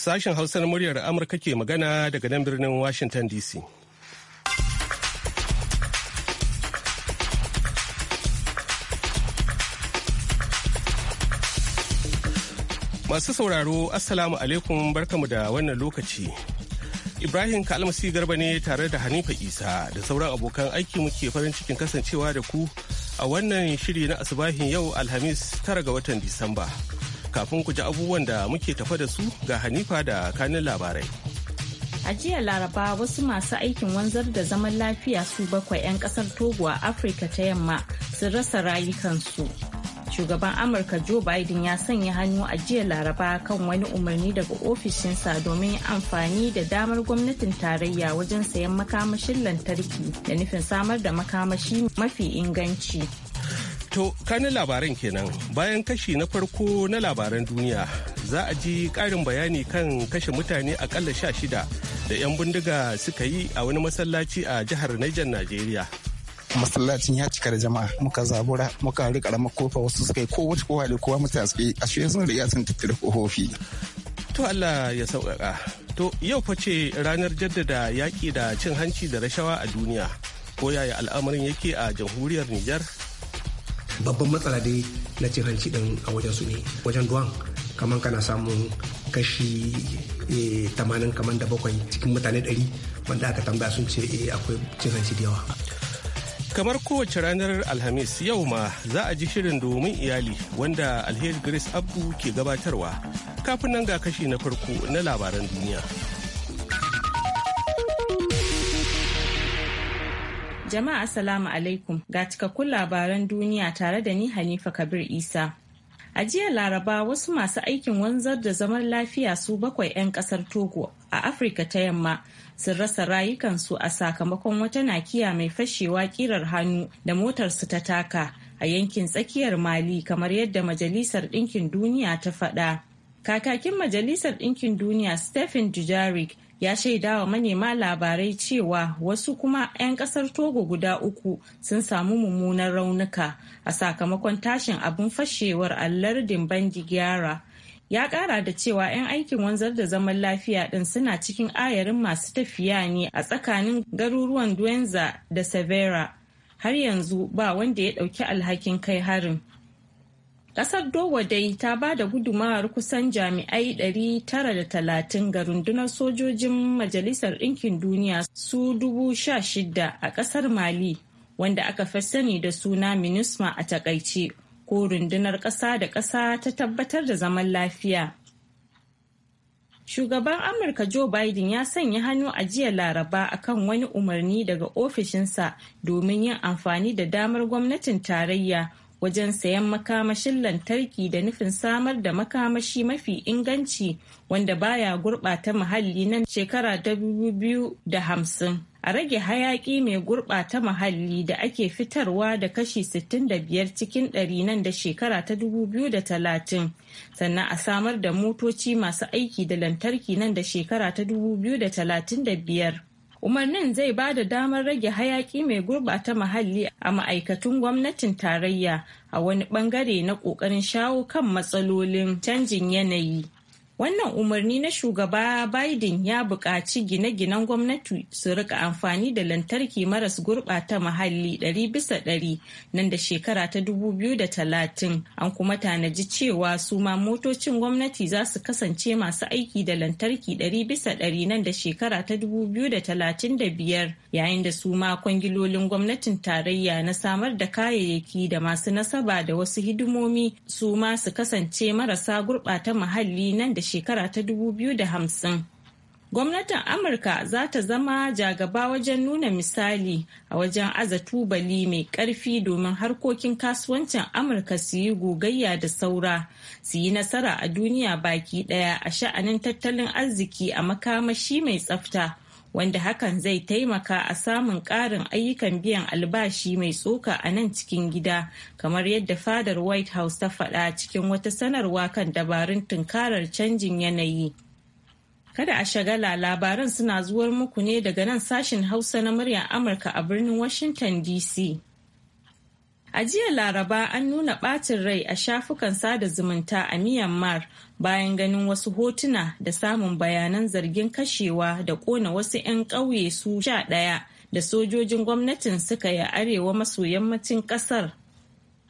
Sashen Hausa na muryar Amurka ke magana daga nan birnin Washington DC. Masu sauraro, Assalamu alaikum barkamu da wannan lokaci. Ibrahim Kalmasi Garba ne tare da Hanifa Isa da sauran abokan aiki muke farin cikin kasancewa da ku a wannan shiri na asibahin yau Alhamis tara ga watan Disamba. Kafin ku ji abubuwan da muke tafa da su ga Hanifa da kanin labarai. A jiya Laraba wasu masu aikin wanzar da zaman lafiya su bakwai 'yan kasar Togo a Afirka ta yamma sun rasa rayukansu. Shugaban Amurka Joe Biden ya sanya hannu a jiya Laraba kan wani umarni daga ofishinsa domin amfani da damar gwamnatin tarayya wajen sayan makamashin lantarki da nufin samar da makamashi mafi inganci. To, kanin labaran kenan bayan kashi na farko na labaran duniya za a ji ƙarin bayani kan kashe mutane akalla sha shida da 'yan bindiga suka yi a wani masallaci a jihar Niger Najeriya. masallacin ya cika da jama'a muka zabura muka rika rama kofa wasu suka yi ko wata kowa da kowa mutane suka yi ashe sun riga sun tattara kofofi. To Allah ya sauƙaƙa. To yau fa ce ranar jaddada yaƙi da cin hanci da rashawa a duniya. Ko yaya al'amarin yake a jamhuriyar Nijar? babban matsala dai na cin hanci din a wajen su ne wajen duwan kamar kana samun kashi eh, tamanin kamar da bakwai cikin mutane ɗari wanda aka tambaya sun ce eh, akwai cin hanci da yawa kamar kowace ranar alhamis yau ma za a ji shirin domin iyali wanda alheri grace abdu ke gabatarwa kafin nan ga kashi na farko na labaran duniya Jama'a Assalamu alaikum ga cikakkun labaran duniya tare da ni Hanifa Kabir Isa. A jiya Laraba wasu masu aikin wanzar da zaman lafiya su bakwai 'yan kasar Togo a Afirka ta yamma sun rasa rayukansu a sakamakon wata nakiya mai fashewa kirar hannu da motarsu ta taka a yankin tsakiyar Mali kamar yadda Majalisar Ɗinkin Duniya ta faɗa. Kakakin Majalisar Ɗinkin Duniya Stephen Dujarric ya shaida wa manema labarai cewa wasu kuma 'yan kasar togo guda uku sun samu mummunan raunuka a sakamakon tashin abin fashewar lardin bandi gyara ya kara da cewa 'yan aikin wanzar da zaman lafiya din suna cikin ayarin masu tafiya ne a tsakanin garuruwan duenza da severa har yanzu ba wanda ya dauki alhakin kai harin Kasar Dowa dai ta ba da gudumawar kusan jami'ai 930 ga rundunar sojojin Majalisar Ɗinkin Duniya su 16,000 a ƙasar Mali, wanda aka fi sani da suna MINUSMA a takaice, ko rundunar ƙasa da ƙasa ta tabbatar da zaman lafiya. Shugaban Amurka Joe Biden ya sanya hannu a jiya Laraba a kan wani umarni daga ofishinsa domin yin amfani da damar gwamnatin tarayya wajen sayan makamashin lantarki da nufin samar da makamashi mafi inganci wanda baya gurɓata muhalli nan shekara hamsin, a rage hayaƙi mai gurɓata muhalli da ake fitarwa da kashi 65 cikin ɗari nan da shekara ta talatin, sannan a samar da motoci masu aiki da lantarki nan da shekara ta 2035 umarnin zai ba da damar rage hayaki mai gurbata muhalli a ma'aikatun gwamnatin tarayya a wani bangare na ƙoƙarin shawo kan matsalolin canjin yanayi Wannan umarni na shugaba Biden ya buƙaci gine-ginen gwamnati su rika amfani da lantarki maras gurɓata muhalli 100 bisa nan da shekara ta 2030 an kuma tanaji cewa su ma motocin gwamnati za su kasance masu aiki da lantarki 100 bisa 100 nan da shekara ta 2035 yayin da su ma kwangilolin gwamnatin tarayya na samar da kayayyaki da masu nasaba da wasu hidimomi su ma su kasance marasa gurɓata muhalli nan da shekara ta 2050. Gwamnatin Amurka za ta zama jagaba wajen nuna misali a wajen aza tubali mai ƙarfi domin harkokin kasuwancin Amurka su yi gogayya da saura, su yi nasara a duniya baki ɗaya a sha'anin tattalin arziki a makamashi mai tsafta. wanda hakan zai taimaka a samun ƙarin ayyukan biyan albashi mai tsoka a nan cikin gida kamar yadda fadar white house ta faɗa cikin wata sanarwa kan dabarun tunkarar canjin yanayi kada a shagala labaran suna zuwar muku ne daga nan sashin hausa na muryar amurka a birnin washington dc A jiya Laraba an nuna ɓacin rai a shafukan sada zumunta a Myanmar bayan ganin wasu hotuna da samun bayanan zargin kashewa da ƙona wasu 'yan ƙauye su sha ɗaya da sojojin gwamnatin suka yi arewa maso yammacin ƙasar.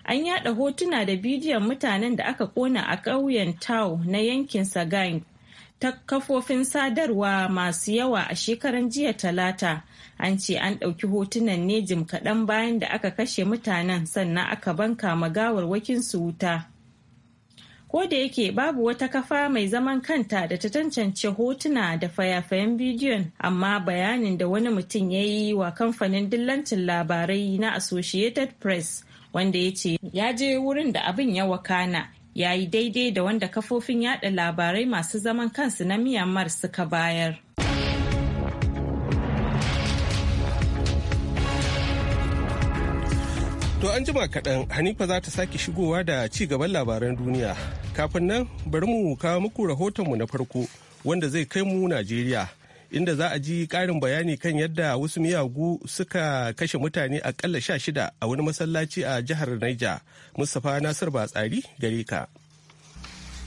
An yada hotuna da bidiyon mutanen da aka ƙona a ƙauyen Tau na yankin Sagang ta kafofin sadarwa masu yawa a shekaran jiya talata an ce an ɗauki hotunan ne jim kaɗan bayan da aka kashe mutanen sannan aka banka magawarwakin su wuta ko da yake babu wata kafa mai zaman kanta da ta tantance hotuna da fayafayen bidiyon amma bayanin da wani mutum ya yi wa kamfanin dillancin labarai na associated press wanda ya ce ya je wurin da abin ya wakana ya yi daidai da wanda kafofin yada labarai masu zaman kansu na myanmar suka bayar To an jima kaɗan Hanifa za ta sake shigowa da ci gaban labaran duniya. Kafin nan bari mu kawo muku rahoton mu na farko wanda zai kai mu Najeriya. Inda za a ji karin bayani kan yadda wasu miyagu suka kashe mutane akalla sha shida a wani masallaci a jihar Niger. Mustapha Nasir Batsari gare ka.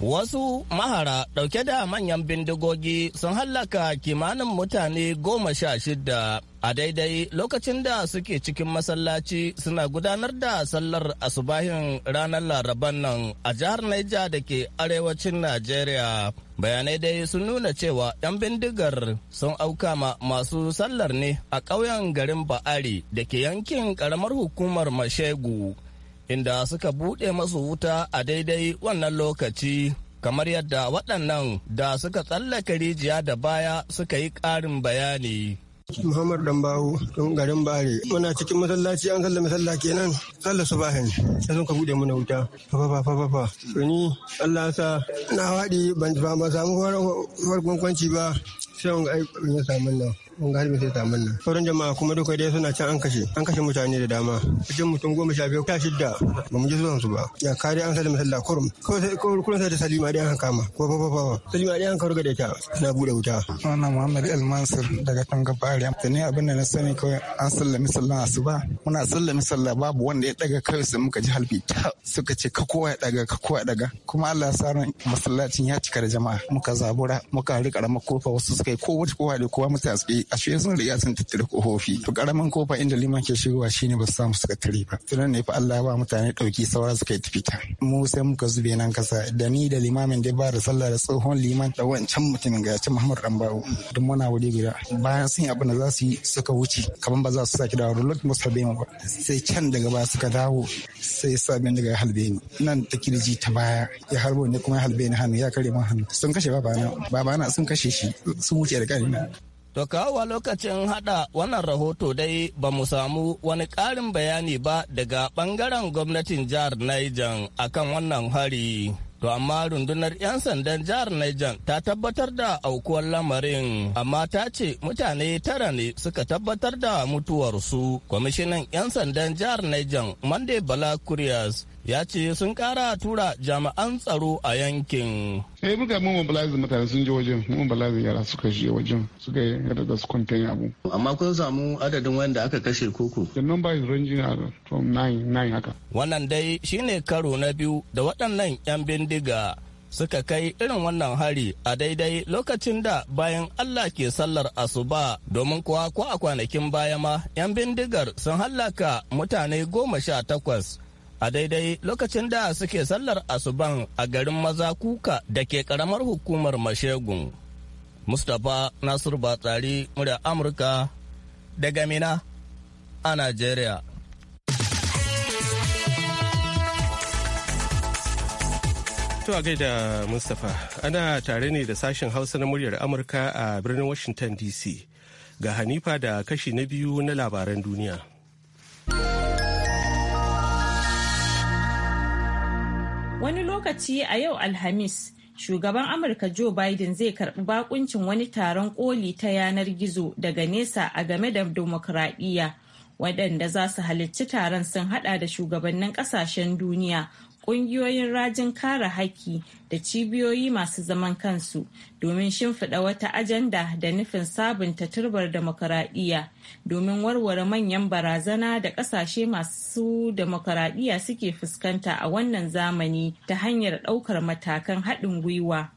Wasu mahara ɗauke da manyan bindigogi sun hallaka kimanin mutane goma sha shida a daidai lokacin da suke cikin masallaci suna gudanar da sallar asubahin ranar laraban nan a jihar Naija da ke arewacin Najeriya. Bayanai dai sun nuna cewa 'yan bindigar sun auka ma masu sallar ne a ƙauyen garin Ba'ari da ke yankin ƙaramar hukumar Mashegu. inda suka buɗe masu wuta a daidai wannan lokaci kamar yadda waɗannan da suka tsallaka rijiya da baya suka yi ƙarin bayani. Muhammad Dambawo don garin Bare muna cikin masallaci an sallame sallah kenan sallah subahin sai sun ka bude mana wuta fa fa fa fa fa! ni Allah sa na wadi ban ba samu farkon kwanci ba sai wanga ai ya samu nan mun ga halin ta samu nan sauran jama'a kuma duka dai suna can an kashe an kashe mutane da dama jin mutum goma sha biyu ta shidda ba mu ji zuwan su ba ya kare an sallama sallah kurum kullum sai da salima dai an kama ko ba ba ba salima dai an karu da ta na bude wuta sunana muhammad el mansur daga tanga bari amma ne abin da na sani ko an sallami sallah asuba muna sallami sallah babu wanda ya daga kai sai muka ji halbi suka ce ka kowa ya daga ka kowa ya daga kuma Allah ya sa masallacin ya cika da jama'a muka zabura muka rika ramar kofa wasu suka yi kowa kowa da kowa mutane a ashe sun riga sun tattara kofofi to karamin kofa inda liman ke shigowa shine ba su samu suka tare ba tunan ne fa Allah ya ba mutane dauki saura suka yi tafita mu sai muka zube nan kasa da ni da limamin da ba da sallah da tsohon liman da wancan mutumin ga ci Muhammad Rambawo duk muna wuri guda bayan sun yi abin da za su yi suka wuce kaman ba za su saki dawo rulot musa mu ba sai can daga baya suka dawo sai sabin daga halbe ni nan ta kirji ta baya ya harbo ne kuma halbe ni hannu ya kare mun hannu sun kashe babana babana sun kashe shi sun wuce da kanina To kawo lokacin hada wannan rahoto dai ba mu samu wani ƙarin bayani ba daga ɓangaren gwamnatin jihar Niger akan wannan hari. To amma rundunar 'yan sandan jihar Niger ta tabbatar da aukuwar lamarin, amma ta ce mutane tara ne suka tabbatar da mutuwarsu. Kwamishinan 'yan sandan jihar Niger Monday Bala kurias ya ce sun kara tura jami'an tsaro a yankin. Eh muka mun balazin mutane sun je wajen, mun balazin yara suka je wajen, suka yi yadda da su contain abu. Amma kun samu adadin wanda aka kashe koko? The number is ranging from nine, nine haka. Wannan dai shine karo na biyu da waɗannan 'yan bindiga suka kai irin wannan hari a daidai lokacin da bayan Allah ke sallar asuba domin kuwa ko a kwanakin baya ma 'yan bindigar sun hallaka mutane goma sha takwas a daidai lokacin da suke sallar asuban a garin maza kuka da ke karamar hukumar mashegun mustapha nasiru batsari murya amurka daga mina a nigeria To a gaida Mustapha, ana tare ne da sashen Hausa na muryar Amurka a birnin Washington DC. Ga Hanifa da kashi na biyu na labaran duniya. Wani lokaci a yau Alhamis, shugaban Amurka Joe Biden zai karbi bakuncin wani taron koli ta yanar gizo daga nesa a game da demokuraɗiyya Waɗanda za su halarci taron sun hada da shugabannin ƙasashen duniya ƙungiyoyin rajin kare haƙƙi da cibiyoyi masu zaman kansu domin shimfiɗa wata ajanda da nufin sabunta turbar demokuraɗiyya domin warware manyan barazana da ƙasashe masu demokuraɗiyya suke fuskanta a wannan zamani ta hanyar ɗaukar matakan haɗin gwiwa.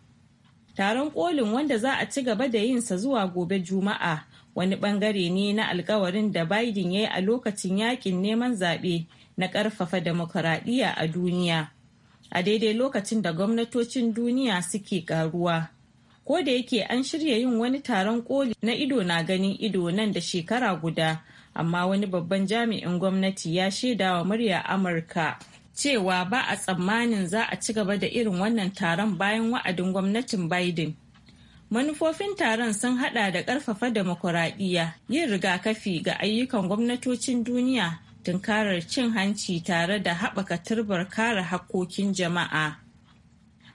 Taron kolin wanda za a ci gaba da yinsa zuwa gobe Juma'a wani ɓangare ne na alkawarin da Biden ya yi a lokacin yakin neman zaɓe na ƙarfafa demokuraɗiyya a duniya a daidai lokacin da gwamnatocin duniya suke ƙaruwa. Ko da yake an shirya yin wani taron koli na ido na ganin ido nan da shekara guda, amma wani babban jami'in gwamnati ya shaida wa murya Amurka cewa ba a tsammanin za a ci gaba da irin wannan taron bayan wa'adin gwamnatin Biden. Manufofin taron sun hada da ƙarfafa demokuraɗiyya, yin rigakafi ga ayyukan gwamnatocin duniya tunkarar cin hanci tare da haɓaka turbar kare hakkokin jama'a.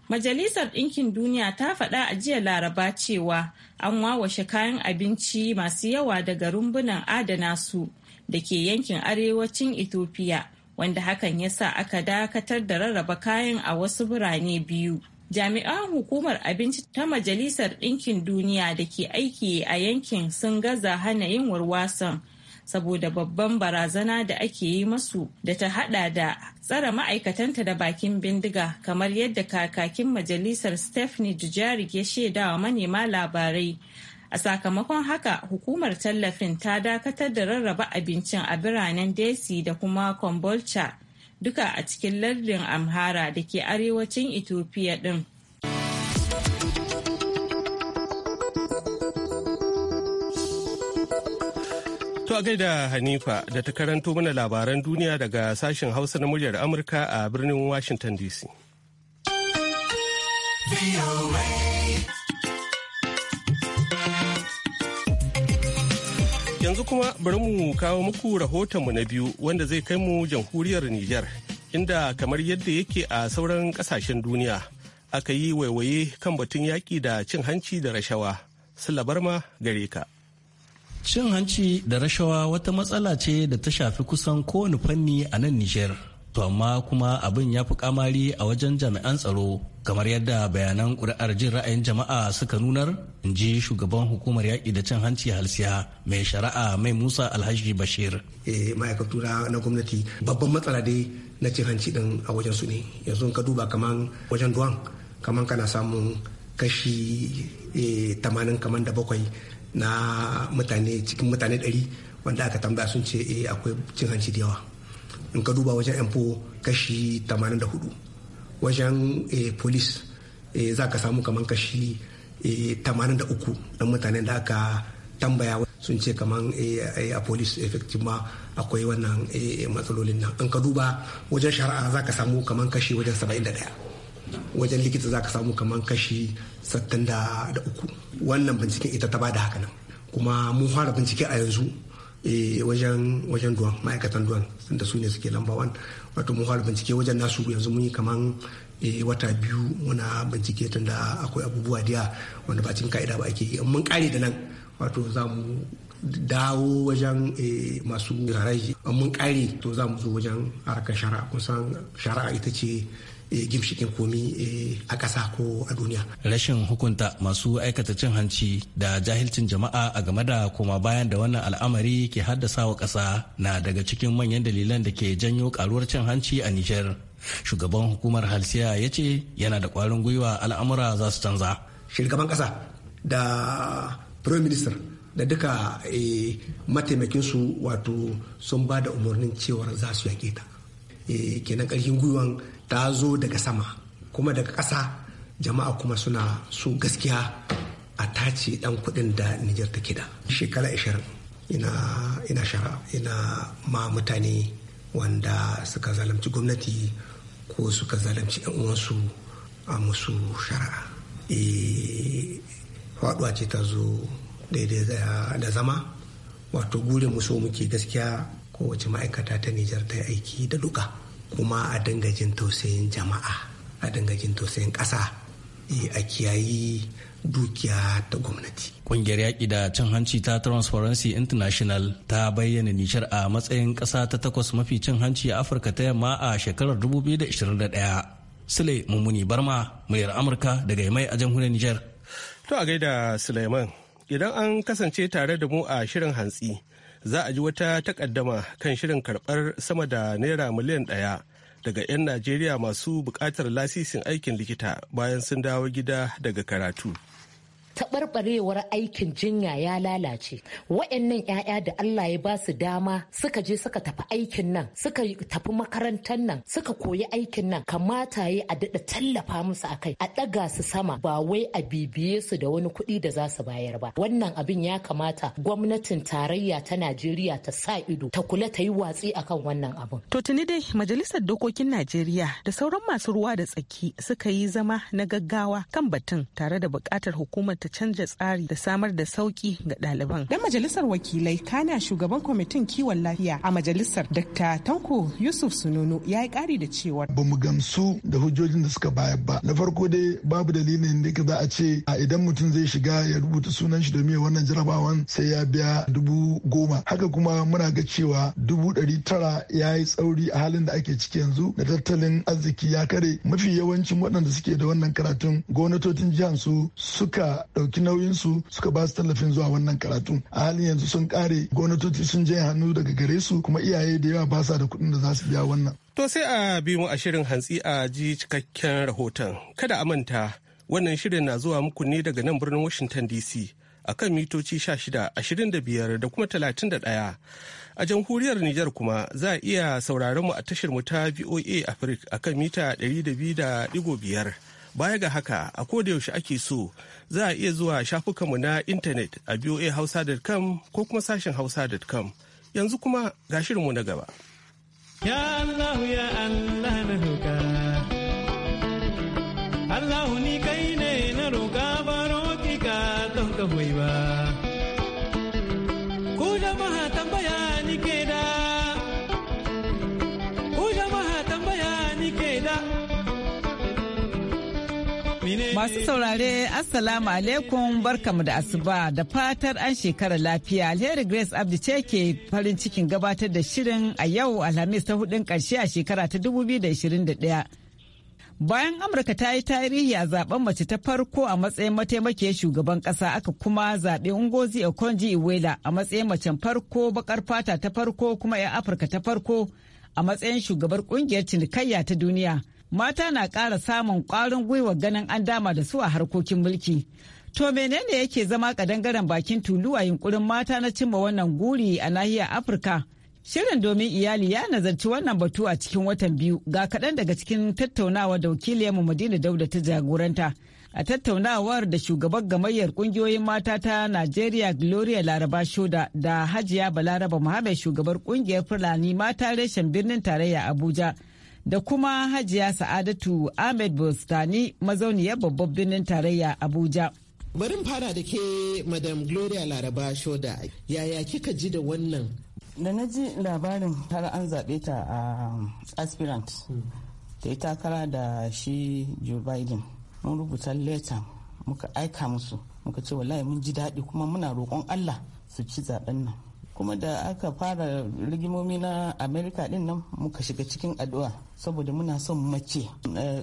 Majalisar Ɗinkin Duniya ta faɗa a jiya Laraba cewa an wawashe kayan abinci masu yawa daga rumbunan adana su da ke yankin arewacin Ethiopia, wanda hakan ya sa aka dakatar da rarraba kayan a wasu birane biyu. Jami'an hukumar abinci ta Majalisar Ɗinkin Duniya da ke aiki a yankin sun gaza hana yin warwasan saboda babban barazana da ake yi masu da ta hada da tsara ma'aikatanta da bakin bindiga kamar yadda kakakin majalisar stephanie Dujarric ya shaidawa manema labarai a sakamakon haka hukumar tallafin ta dakatar da rarraba abincin a biranen desi da kuma kombolcha duka a cikin lardin amhara da ke arewacin ethiopia din a gaida Hanifa da ta karanto mana labaran duniya daga sashen Hausa na muryar Amurka a birnin Washington DC. Yanzu kuma bari mu kawo muku rahotonmu na biyu wanda zai kai mu jamhuriyar Nijar, inda kamar yadda yake a sauran kasashen duniya aka yi waiwaye kan batun yaƙi da cin hanci da rashawa. Silabarma gare ka. Cin hanci da rashawa wata matsala ce da ta shafi kusan kowane fanni a nan Nijar. To amma kuma abin ya fi kamari a wajen jami'an tsaro kamar yadda bayanan ƙuri'ar jin ra'ayin jama'a suka nunar in ji shugaban hukumar yaƙi da cin hanci halsiya mai shari'a mai musa alhaji bashir eh, ma'aikatu na gwamnati babban matsala dai na cin hanci din a wajen su ne yanzu ka duba kaman wajen duwan kaman kana samun kashi eh, tamanin kaman da bakwai na mutane cikin mutane dari wanda aka tambaya sun ce eh akwai cin hanci da yawa in ka duba wajen yanfo kashi 84 wajen eh, polis eh, za ka samu kamar kashi 83 eh, na mutanen da aka tambaya sun ce kamar a police effectivement akwai wannan matsalolin nan in ka duba wajen shari'a za ka samu kamar kashi wajen 71 wajen likita za ka samu kamar kashi satanda da uku wannan binciken ita ta bada haka nan kuma mun fara bincike a yanzu eh, wajen wajen duwan ma'aikatan duwan da su ne suke lamba wan wato mun fara bincike wajen nasu yanzu mun yi kaman eh, wata biyu muna bincike tun da akwai abubuwa diya wanda ba cin ka'ida ba ake yi mun kare da nan wato za mu dawo wajen eh, masu haraji mun kare to za mu zo wajen harkar sharaa kusan shari'a ita ce Eh, gimshikin komi eh, a ƙasa ko a duniya. Rashin hukunta masu aikata cin hanci da jahilcin jama'a a game da koma bayan da wannan al'amari ke haddasa wa ƙasa na daga cikin manyan dalilan da ke janyo karuwar cin hanci a Nijar. Shugaban hukumar Halsiya ya ce yana da ƙwarin gwiwa al'amura za su canza. Shugaban ƙasa da Prime Minister da duka eh, mataimakinsu wato sun ba da umarnin cewar za su yaƙe ta. kenan ƙarfin gwiwan ta zo daga sama kuma daga ƙasa jama'a kuma suna su gaskiya a tace dan kuɗin da Nijar ta da shekara 20 ina ina shara ina ma mutane wanda suka zalunci gwamnati ko suka zalunci yan uwansu a musu shari'a e eh, faduwa ce ta zo daidai da zama wato gurin so muke gaskiya kowace ma'aikata ta nijar ta yi aiki da duka kuma a dinga jin tausayin jama'a a dinga jin tausayin ƙasa e, a kiyayi dukiya ta gwamnati. Ƙungiyar yaƙi da cin hanci ta Transparency International ta bayyana Nishar a matsayin ƙasa ta takwas mafi cin hanci a Afirka ta yamma a shekarar 2021. Sule Mummuni Barma, muryar Amurka daga mai a jamhuriyar Nijar. To a gaida Suleiman, idan an kasance tare da mu a shirin hantsi, za a ji wata takaddama kan shirin karbar sama da naira miliyan ɗaya daga 'yan Najeriya masu buƙatar lasisin aikin likita bayan sun dawo gida daga karatu. taɓarɓarewar aikin jinya ya lalace wa'annan 'ya'ya da Allah ya ba su dama suka je suka tafi aikin nan suka tafi makarantar nan suka koyi aikin nan kamata yi a daɗa tallafa musu a kai a ɗaga su sama ba wai a bibiye su da wani kuɗi da za su bayar ba wannan abin ya kamata gwamnatin tarayya ta Najeriya ta sa ido ta kula ta yi watsi akan wannan abin. To tuni dai majalisar dokokin Najeriya da sauran masu ruwa da tsaki suka yi zama na gaggawa kan batun tare da buƙatar hukumar ta canja tsari da samar da sauki ga ɗaliban. Dan majalisar wakilai kana shugaban kwamitin kiwon lafiya a majalisar Dr. Tanko Yusuf Sununu ya yi ƙari da cewa. Ba mu gamsu da hujjojin da suka bayar ba. Na farko dai babu dalilin da za a ce a idan mutum zai shiga ya rubuta sunan shi domin wannan jarabawan sai ya biya dubu goma. Haka kuma muna ga cewa dubu ɗari tara ya yi tsauri a halin da ake ciki yanzu da tattalin arziki ya kare mafi yawancin waɗanda suke da wannan karatun gwamnatocin jihar su suka ɗauki nauyinsu suka ba su tallafin zuwa wannan karatu a halin yanzu sun kare gwamnatoci sun je hannu daga gare su kuma iyaye da yawa ba sa da kuɗin da za su biya wannan. To sai a bi mu a shirin hantsi a ji cikakken rahoton. Kada a manta wannan shirin na zuwa muku ne daga nan birnin Washington DC a kan mitoci 16, 25 da kuma 31. A jamhuriyar Nijar kuma za a iya sauraron mu a tashar mu ta VOA Africa a kan mita 200.5. Baya ga haka a kodayaushe ake so za a iya zuwa shafukanmu na intanet a voahausa.com ko kuma sashen hausa.com yanzu kuma ga shirinmu na gaba. Ya Allah ya Allah na roƙa. Allah ni kai ne na roƙa baro ki ka don ka ba. Masu saurare Assalamu alaikum barkamu da asuba da fatar an shekara lafiya alheri Grace Abdi ce ke farin cikin gabatar da shirin a yau Alhamis ta hudun karshe a shekara ta 2021. Bayan Amurka ta yi tarihi a zaben mace ta farko a matsayin mataimakiyar shugaban kasa aka kuma ungozi Ngozi Okonji Iweala a matsayin macen farko bakar fata ta farko kuma 'yan Afirka ta farko a matsayin shugabar ƙungiyar cinikayya ta duniya. mata na ƙara samun ƙwarin gwiwa ganin an dama da su a harkokin mulki. To menene yake zama kadangaren bakin tulu a yunkurin mata na cimma wannan guri a nahiyar Afirka? Shirin domin iyali ya nazarci wannan batu a cikin watan biyu ga kaɗan daga cikin tattaunawa da wakiliyarmu Madina Dauda ta jagoranta. A tattaunawar da shugaban gamayyar kungiyoyin mata ta Najeriya Gloria Laraba Shoda da Hajiya Balaraba Muhammad shugabar kungiyar Fulani mata reshen birnin tarayya Abuja. da kuma hajiya sa'adatu ahmed bostani mazauniyar babban birnin tarayya abuja barin fara da ke madam gloria laraba shoda yaya kika ji da wannan da na ji labarin har an zaɓe ta a um, aspirant ta yi takara da shi joe biden mun rubuta leta muka aika musu muka ce wallahi mun ji daɗi kuma muna roƙon allah su ci zaɓen nan kuma da aka fara rigimomi na amerika din nan muka shiga cikin addu'a saboda muna son mace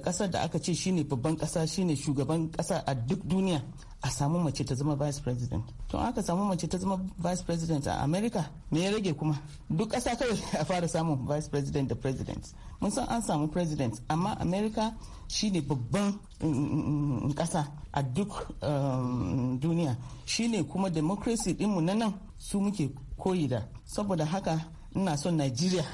kasar eh, da aka ce shine babban kasa shine shugaban kasa a duk duniya a samu mace ta zama vice president to aka samu mace ta zama vice president a america me ya rage kuma duk kasa kawai a fara samun vice president da president mun san an samu president amma america shine babban kasa mm, mm, mm, a duk um, duniya shine kuma democracy dinmu na nan su muke koyi da saboda haka ina son najeriya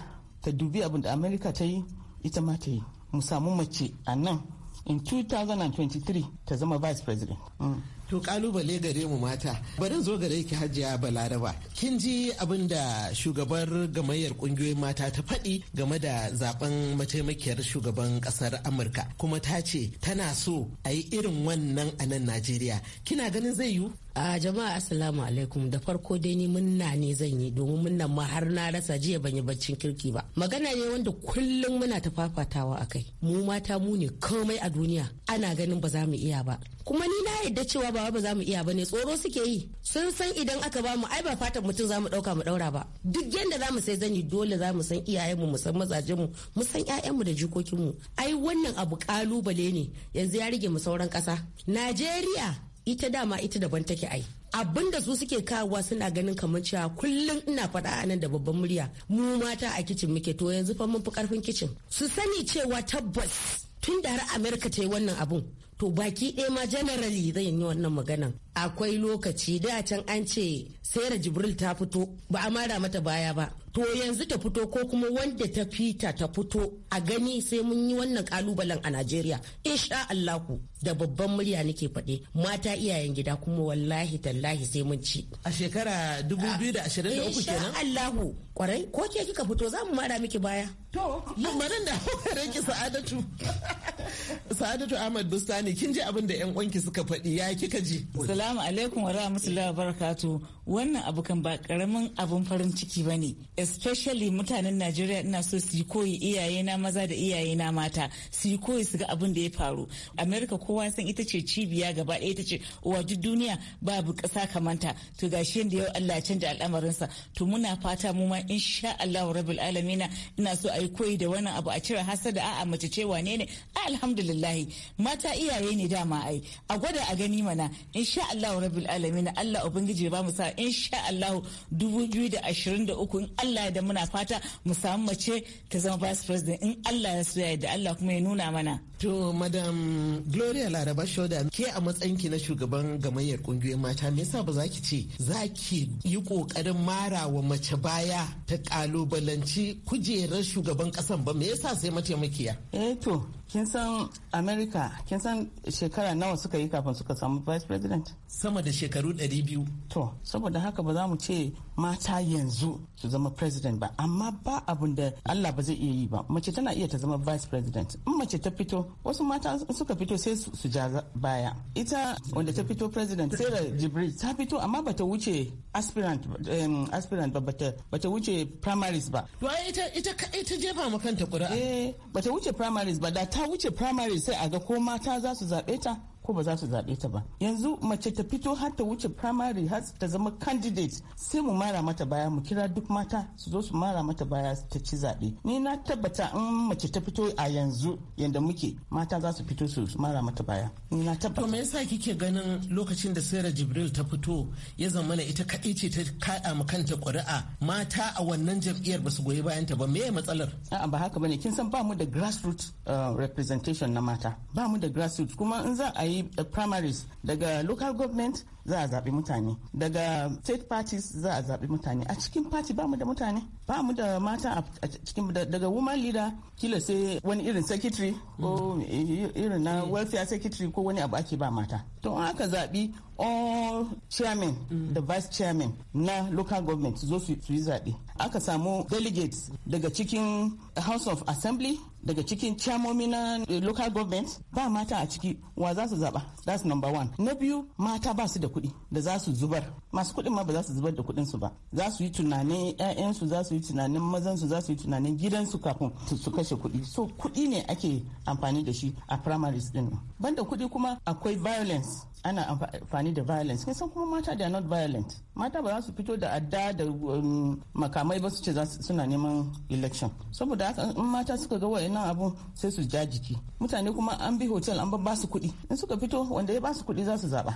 ta dubi abin da america ta yi ita ma ta yi mu samu mace a nan in 2023 ta zama vice president mm. To kalubale gare mu mata barin zo gare ki hajiya balaraba kin ji abin da shugabar gamayyar kungiyoyin mata ta faɗi game da zaben mataimakiyar shugaban ƙasar amurka kuma ta ce tana so a yi irin wannan a nan najeriya kina ganin zai yiwu a jama'a assalamu alaikum da farko dai ni munna ne zan yi domin munna ma har na rasa jiya ban yi baccin kirki ba magana ne wanda kullum muna ta fafatawa a kai mu mata mu ne komai a duniya ana ganin ba za mu iya ba kuma ni na yadda cewa ba ba za mu iya ne tsoro suke yi sun san idan aka ba mu ai ba fatan mutum za mu dauka mu daura ba duk yanda za mu sai zani dole za mu san iyayenmu mu san mazajenmu mu san ƴaƴanmu da jikokinmu ai wannan abu kalubale ne yanzu ya rige mu sauran ƙasa Najeriya ita dama ita daban take ai abin da su suke kawowa suna ganin kamar cewa kullum ina faɗa a nan da babban murya mu mata a kicin muke to yanzu fa mun fi karfin kicin su sani cewa tabbas tun da har amerika ta yi wannan abun to baki ɗaya ma generally zai yi wannan maganan akwai lokaci da can an ce sayar jibril ta fito ba a mara mata baya ba to yanzu ta fito ko kuma wanda ta fita ta fito a gani sai mun yi wannan kalubalen a najeriya insha allahu da babban murya nake faɗe mata iyayen gida kuma wallahi tallahi sai mun ci a shekara 2023 kenan allahu kwarai ko ke kika fito za mu mara miki baya to bari da ki sa'adatu sa'adatu ahmad bustani kin ji abin da yan uwanki suka faɗi ya kika ji Assalamu alaikum wa rahmatullahi wa barakatu. Wannan abu kan ba karamin abun farin ciki ba ne. Especially mutanen Najeriya ina so su yi koyi iyayena maza da iyayena mata su yi koyi su ga abun da ya faru. America kowa san ita ce cibiya gaba ɗaya ita ce uwa duk duniya babu ƙasa kamanta. To gashi da yau Allah ya canja sa To muna fata mu ma insha Allah rabbil alamina ina so a yi koyi da wannan abu a cire hasada a'a mace ce wane ne? Alhamdulillah mata iyaye ne dama ai. A gwada a gani mana insha Allahu rabbil alamin Allah ubangiji ba mu sa insha Allah 2023 in Allah da muna fata mu samu mace ta zama vice president in Allah ya so ya da Allah kuma ya nuna mana To madam Gloria Laraba Shoda ke a ki na shugaban gamayyar kungiyoyin mata me yasa ba za ki ce za ki yi kokarin mara wa mace baya ta kalubalanci kujerar shugaban kasan ba me yasa sai mataimakiya? Eh to kin san America kin san shekara nawa suka yi kafin suka samu vice president? Sama da shekaru 200. To saboda haka ba za mu ce mata yanzu su zama president ba amma ba abin da Allah ba zai iya yi ba mace tana iya ta zama vice president in mace ta fito wasu mata suka fito sai su ja baya ita wanda ta fito president sarah jibril ta fito amma bata wuce aspirant ba ba bata wuce primaries ba to ai ita ita ita jefa kanta eh bata wuce primaries ba da ta wuce primaries sai a ga ko mata za su zaɓe ta ko ba za su zaɓe ta ba yanzu mace ta fito har ta wuce primary har ta zama candidate sai mu mara mata baya mu kira duk mata su zo su mara mata baya ta ci zaɓe ni na tabbata in mace ta fito a yanzu yanda muke mata za su fito su mara mata baya ni na tabbata to me yasa kike ganin lokacin da Sarah Jibril ta fito ya zama ita kadai ce ta kaɗa ma kanta ƙuri'a mata a wannan jam'iyyar ba su goyi bayan ta ba me matsalar a'a ba haka bane kin san ba mu da grassroots eh, representation na mata ba mu da grassroots kuma in za a yi Uh, primaries the uh, local government za a zaɓi mutane daga state parties za a zaɓi mutane a cikin party ba mu da mutane ba mu da mata a cikin daga woman leader kila sai wani irin secretary ko irin na mm. welfare secretary ko wani abu ake ba mata to aka zaɓi all chairman mm. da vice chairman na local government zo su yi zaɓe aka samu delegates daga cikin house of assembly daga cikin chairmomi na eh, local government ba mata a ciki wa za su zaɓa that's number one na biyu mata ba su da kuɗi da za su zubar masu kuɗin ma ba za su zubar da kuɗin su ba za su yi tunanin ƴaƴansu za su yi tunanin mazan su za su yi tunanin gidansu kafin su kashe kuɗi so kuɗi ne ake amfani da shi a primaries din banda kuɗi kuma akwai violence ana amfani da violence kin san kuma mata da not violent mata ba za su fito da adda da um, makamai ba su ce suna neman election saboda haka in mata suka ga wani abu sai su ja jiki mutane kuma an bi hotel an ba su kuɗi in suka fito wanda ya ba su kuɗi za su zaba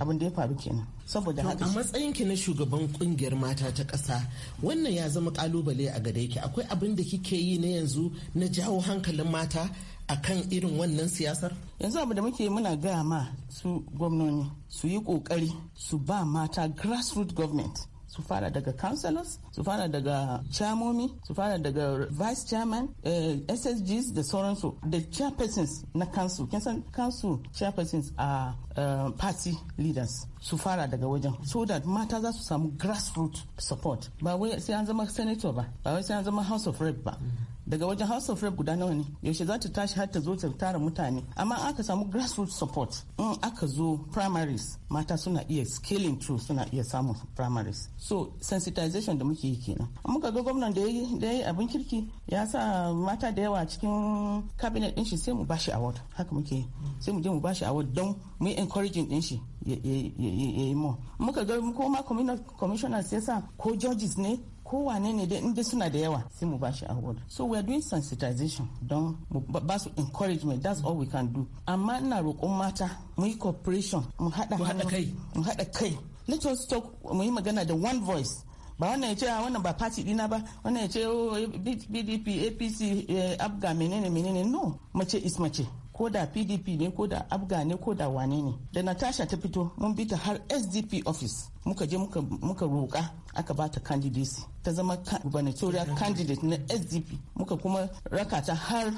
abin da ya faru kenan saboda haka a matsayin ki na shugaban kungiyar mata ta ƙasa wannan ya zama kalubale a gare ki akwai abin da kike yi na yanzu na jawo hankalin mata akan irin wannan siyasar? yanzu abu da muke muna gaya ma su gwamnoni su yi kokari su ba mata grassroots government su fara daga councillors su fara daga chairmomi su fara daga vice chairman eh, ssgs da sauransu da chairpersons na council kin san council chairpersons a uh, eh, party leaders su fara daga wajen so that mata za su samu grassroots support ba wai sai an zama senator ba ba wai sai an zama house of rep ba mm -hmm. daga wajen house of rep guda nawa ne yaushe za ta tashi har ta zo ta tara mutane amma aka samu grassroots support in aka zo primaries mata suna iya scaling through suna iya samun primaries so sensitization da muke yi kenan muka ga gwamnan da ya yi abin kirki ya sa mata da yawa cikin cabinet din shi sai mu bashi award haka muke yi sai mu je mu bashi award don mu yi encouraging din shi ya yi mo muka ga ko ma commissioners ya sa ko judges ne kowane ne dai inda suna da yawa sai mu bashi award so we are doing sensitization don mu ba su encouragement that's all we can do amma ina roƙon mata mu yi cooperation mu haɗa kai mu haɗa kai let us talk mu yi magana da one voice ba wannan ya ce ah, wannan ba party dina ba wannan ya ce pdp oh, apc eh, abga menene menene no mace is mace ko da pdp ne ko da abga ne ko da wane ne da natasha ta fito mun bi ta har sdp office muka je muka, roƙa aka ba ta candidacy ta zama gubernatorial candidate na sdp muka kuma raka ta har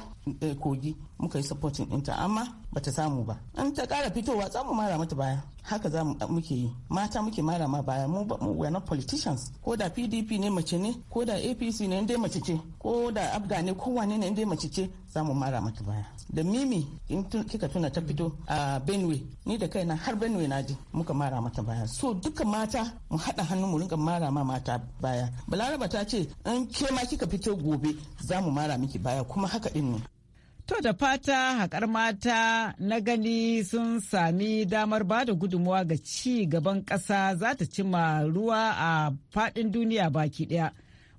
eh, kogi muka yi supporting inta amma bata samu ba An ta kara fitowa za mu mara mata baya haka za muke yi mata muke mara ma baya mu ba mu na politicians ko da pdp ne mace ne ko da apc ne dai mace ce ko da abga ne ko wane ne dai mace ce za mara mata baya da mimi in kika tuna ta fito a benue ni da kaina har benue na ji muka mara mata baya so duka mata mu haɗa hannu mu rinka mara ma mata baya balaraba ta ce in ke ma kika fito gobe za mu mara miki baya kuma haka din ne To da fata haƙar mata na gani sun sami damar ba da gudunmuwa ga ci gaban ƙasa za ta cima ruwa a faɗin duniya baki ɗaya.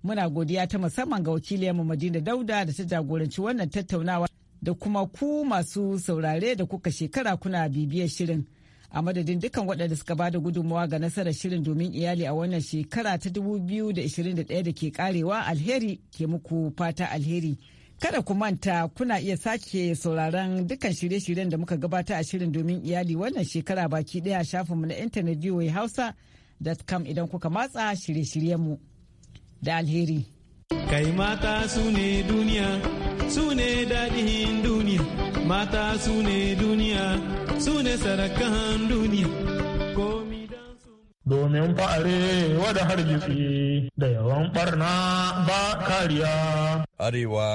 Muna godiya ta musamman ga wakiliyarmu Madina Dauda da ta jagoranci wannan tattaunawa da kuma ku masu saurare da kuka shekara kuna bibiyar shirin. a madadin dukkan waɗanda suka bada gudummawa ga nasarar shirin domin iyali a wannan shekara ta 2021 da ke karewa alheri ke muku fata alheri kada ku manta kuna iya sake sauraron dukkan shirye-shiryen da muka gabata a shirin domin iyali wannan shekara baki ɗaya shafinmu na intanet hausa.com idan kuka matsa shirye-shiryenmu. mu da alheri. Kai mata su ne duniya, su ne daɗin duniya, mata su ne duniya, su ne sarakan duniya. Domin fa'are wada hargitsi da yawan ɓarna ba kariya. Arewa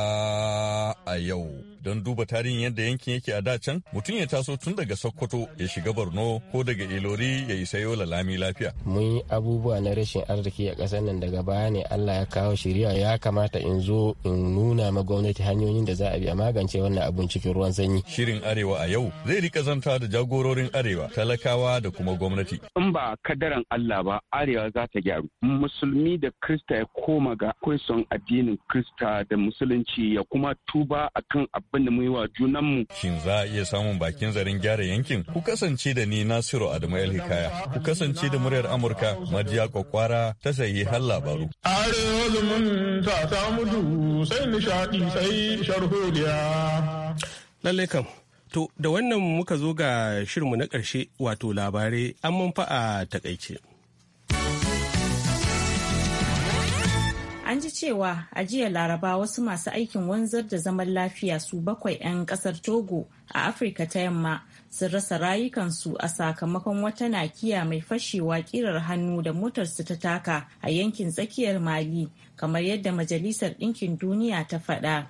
a yau. don duba tarihin yadda yankin yake a dacan mutum ya taso tun daga sokoto ya shiga borno ko daga ilori ya isa yola lami lafiya mun yi abubuwa na rashin arziki a ƙasar nan daga baya ne allah ya kawo shirya ya kamata in zo in nuna ma gwamnati hanyoyin da za a bi a magance wannan abun cikin ruwan sanyi shirin arewa a yau zai rika zanta da jagororin arewa talakawa da kuma gwamnati in ba kadaran allah ba arewa za ta gyaru musulmi da krista ya koma ga kun addinin krista da musulunci ya kuma tuba akan abin abin da mu yi wa junanmu. Shin za a iya samun bakin zarin gyara yankin? Ku kasance da ni Nasiru Adamu Hikaya. Ku kasance da muryar Amurka Madiya Kwakwara ta sayi har labaru. Are zumunta ta mutu sai nishadi sai sharholiya. Lalle kam. To da wannan muka zo ga shirinmu na ƙarshe wato labarai an manfa a takaice. An ji cewa a jiya Laraba wasu masu aikin wanzar da zaman lafiya su bakwai 'yan kasar Togo a Afirka ta yamma sun rasa rayukansu a sakamakon wata nakiya mai fashewa kirar hannu da motarsu ta taka a yankin tsakiyar Mali, kamar yadda Majalisar Ɗinkin Duniya ta faɗa.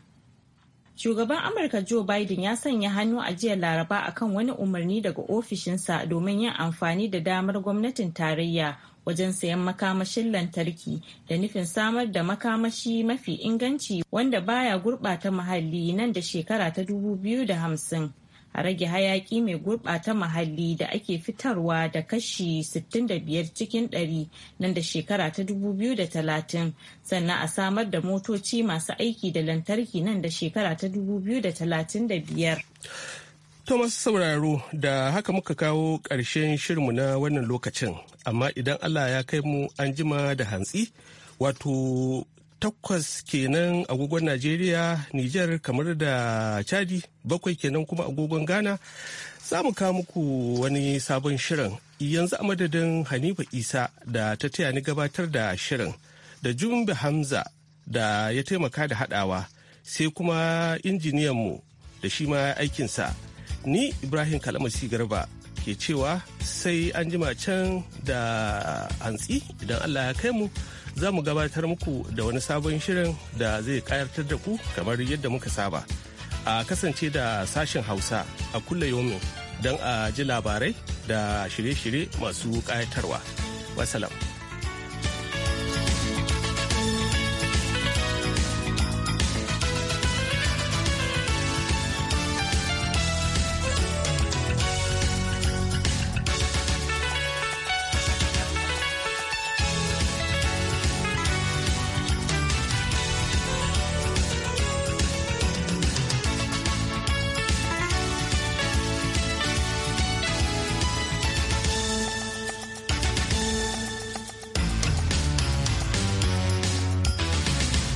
shugaban amurka joe biden ya sanya hannu a jiya laraba akan wani umarni daga ofishinsa domin yin amfani da damar gwamnatin tarayya wajen sayan makamashin lantarki da nufin samar da makamashi mafi inganci wanda baya gurɓata muhalli nan da shekara ta 2050 a rage hayaki mai gurɓata muhalli da ake fitarwa da kashi 65 cikin 100 nan da shekara ta 2030 sannan a samar da motoci masu aiki da lantarki nan da shekara ta 2035. Thomas sauraro da haka muka kawo ƙarshen shirmu na wannan lokacin, amma idan Allah ya kai mu an jima da hantsi, wato takwas kenan agogon Najeriya, Nijar kamar da Chadi, bakwai kenan kuma agogon Ghana. Za mu kawo muku wani sabon shirin yanzu a madadin Hanifa Isa da ta taya ni gabatar da shirin da Jumbe Hamza da ya taimaka da haɗawa sai kuma injiniyanmu da shi ma aikinsa. Ni Ibrahim Kalamasi Garba ke cewa sai an jima can da hantsi idan Allah ya kai mu. za mu gabatar muku da wani sabon shirin da zai kayartar da ku kamar yadda muka saba. A kasance da sashen Hausa a kulle yomin don a ji labarai da shirye-shirye masu ƙayatarwa. Wasalam.